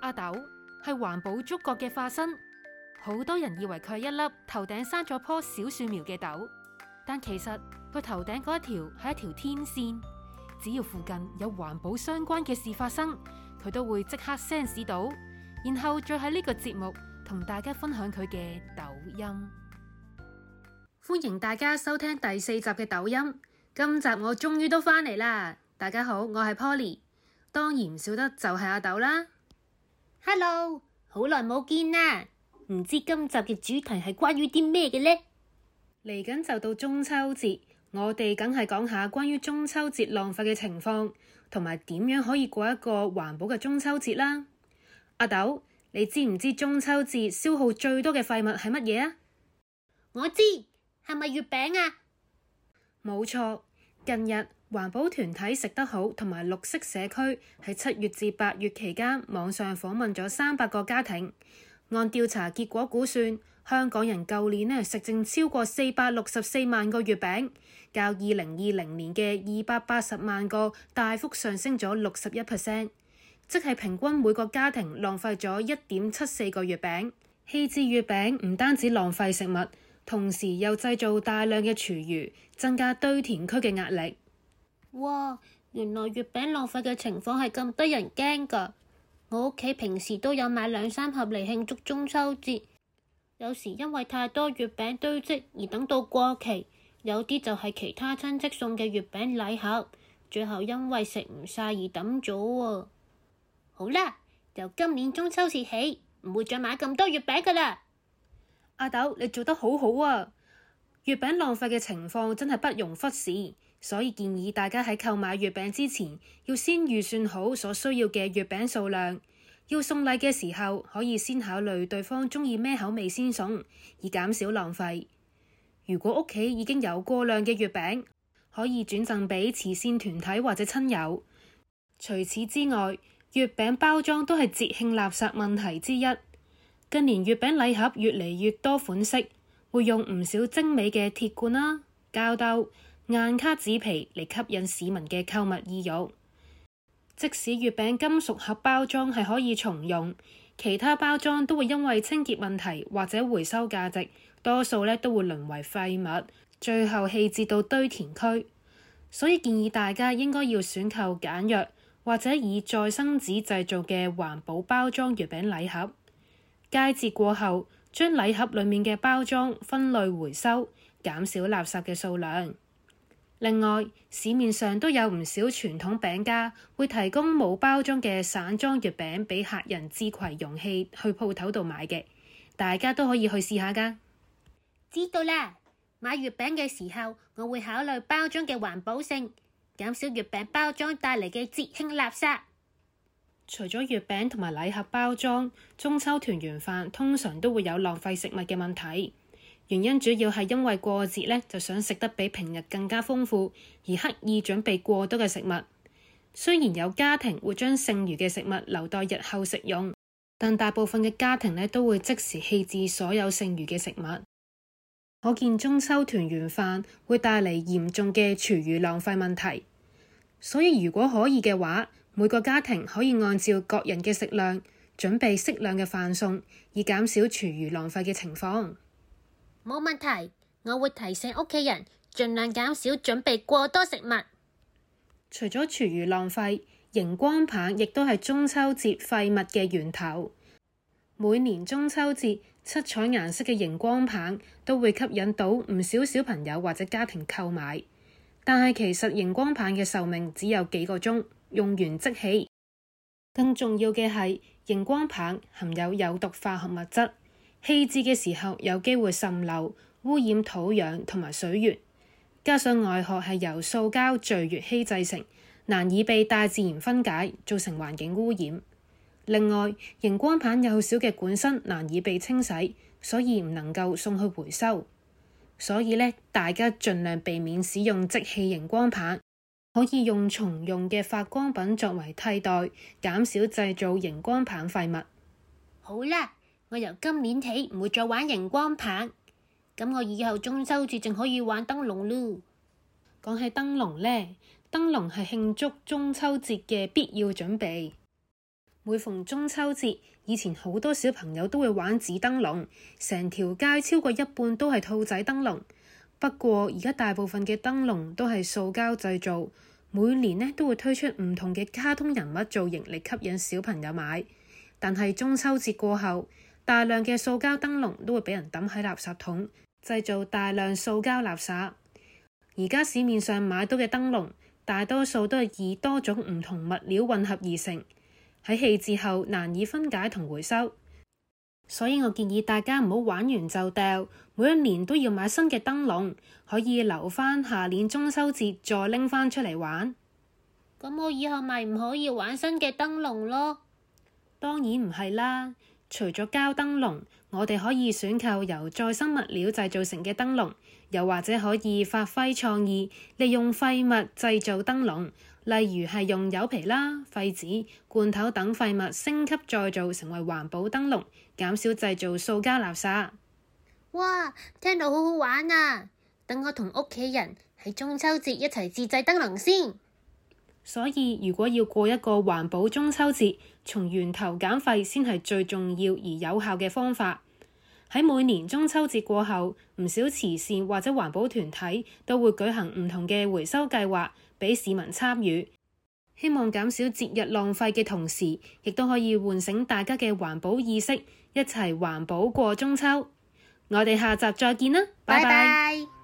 阿豆係環保觸覺嘅化身，好多人以為佢係一粒頭頂生咗棵小樹苗嘅豆，但其實佢頭頂嗰一條係一條天線，只要附近有環保相關嘅事發生，佢都會即刻 sense 到，然後再喺呢個節目同大家分享佢嘅抖音。歡迎大家收聽第四集嘅抖音。今集我終於都返嚟啦，大家好，我係 Polly，當然唔少得就係阿豆啦。Hello，好耐冇見啦，唔知今集嘅主題係關於啲咩嘅咧？嚟緊就到中秋節，我哋梗係講下關於中秋節浪費嘅情況，同埋點樣可以過一個環保嘅中秋節啦。阿豆，你知唔知中秋節消耗最多嘅廢物係乜嘢啊？我知，係咪月餅啊？冇錯，近日環保團體食得好同埋綠色社區喺七月至八月期間網上訪問咗三百個家庭，按調查結果估算，香港人舊年呢食剩超過四百六十四萬個月餅，較二零二零年嘅二百八十萬個大幅上升咗六十一%，即係平均每個家庭浪費咗一點七四個月餅。棄置月餅唔單止浪費食物。同時又製造大量嘅廚餘，增加堆填區嘅壓力。哇！原來月餅浪費嘅情況係咁得人驚㗎。我屋企平時都有買兩三盒嚟慶祝中秋節，有時因為太多月餅堆積而等到過期，有啲就係其他親戚送嘅月餅禮盒，最後因為食唔晒而抌咗喎。好啦，由今年中秋節起，唔會再買咁多月餅㗎啦。阿豆，你做得好好啊！月餅浪費嘅情況真係不容忽視，所以建議大家喺購買月餅之前，要先預算好所需要嘅月餅數量。要送禮嘅時候，可以先考慮對方中意咩口味先送，以減少浪費。如果屋企已經有過量嘅月餅，可以轉贈俾慈善團體或者親友。除此之外，月餅包裝都係節慶垃圾問題之一。近年月餅禮盒越嚟越多款式，會用唔少精美嘅鐵罐啦、膠兜、硬卡紙皮嚟吸引市民嘅購物意欲。即使月餅金屬盒包裝係可以重用，其他包裝都會因為清潔問題或者回收價值，多數咧都會淪為廢物，最後棄置到堆填區。所以建議大家應該要選購簡約或者以再生紙製造嘅環保包裝月餅禮盒。佳節過後，將禮盒裏面嘅包裝分類回收，減少垃圾嘅數量。另外，市面上都有唔少傳統餅家會提供冇包裝嘅散裝月餅俾客人自攜容器去鋪頭度買嘅，大家都可以去試下㗎。知道啦，買月餅嘅時候，我會考慮包裝嘅環保性，減少月餅包裝帶嚟嘅節慶垃圾。除咗月餅同埋禮盒包裝，中秋團圓飯通常都會有浪費食物嘅問題。原因主要係因為過節呢，就想食得比平日更加豐富，而刻意準備過多嘅食物。雖然有家庭會將剩餘嘅食物留待日後食用，但大部分嘅家庭呢，都會即時棄置所有剩餘嘅食物。可見中秋團圓飯會帶嚟嚴重嘅廚餘浪費問題。所以如果可以嘅話，每個家庭可以按照各人嘅食量準備適量嘅飯餸，以減少廚餘浪費嘅情況。冇問題，我會提醒屋企人盡量減少準備過多食物。除咗廚餘浪費，熒光棒亦都係中秋節廢物嘅源頭。每年中秋節，七彩顏色嘅熒光棒都會吸引到唔少小朋友或者家庭購買，但係其實熒光棒嘅壽命只有幾個鐘。用完即棄，更重要嘅係熒光棒含有有毒化學物質，棄置嘅時候有機會滲漏，污染土壤同埋水源。加上外殼係由塑膠聚乙烯製成，難以被大自然分解，造成環境污染。另外，熒光棒有少嘅管身，難以被清洗，所以唔能夠送去回收。所以呢，大家盡量避免使用即棄熒光棒。可以用重用嘅發光品作為替代，減少製造熒光棒廢物。好啦，我由今年起唔會再玩熒光棒，咁我以後中秋節淨可以玩燈籠咯。講起燈籠呢，燈籠係慶祝中秋節嘅必要準備。每逢中秋節，以前好多小朋友都會玩紙燈籠，成條街超過一半都係兔仔燈籠。不過，而家大部分嘅燈籠都係塑膠製造，每年呢都會推出唔同嘅卡通人物造型嚟吸引小朋友買。但係中秋節過後，大量嘅塑膠燈籠都會俾人抌喺垃圾桶，製造大量塑膠垃圾。而家市面上買到嘅燈籠，大多數都係以多種唔同物料混合而成，喺棄置後難以分解同回收。所以我建議大家唔好玩完就掉，每一年都要買新嘅燈籠，可以留翻下年中秋節再拎翻出嚟玩。咁我以後咪唔可以玩新嘅燈籠咯？當然唔係啦，除咗膠燈籠，我哋可以選購由再生物料製造成嘅燈籠，又或者可以發揮創意，利用廢物製造燈籠。例如係用柚皮啦、廢紙、罐頭等廢物升級再造成為環保燈籠，減少製造塑膠垃圾。哇，聽到好好玩啊！等我同屋企人喺中秋節一齊自製燈籠先。所以，如果要過一個環保中秋節，從源頭減廢先係最重要而有效嘅方法。喺每年中秋節過後，唔少慈善或者環保團體都會舉行唔同嘅回收計劃，俾市民參與，希望減少節日浪費嘅同時，亦都可以喚醒大家嘅環保意識，一齊環保過中秋。我哋下集再見啦，拜拜。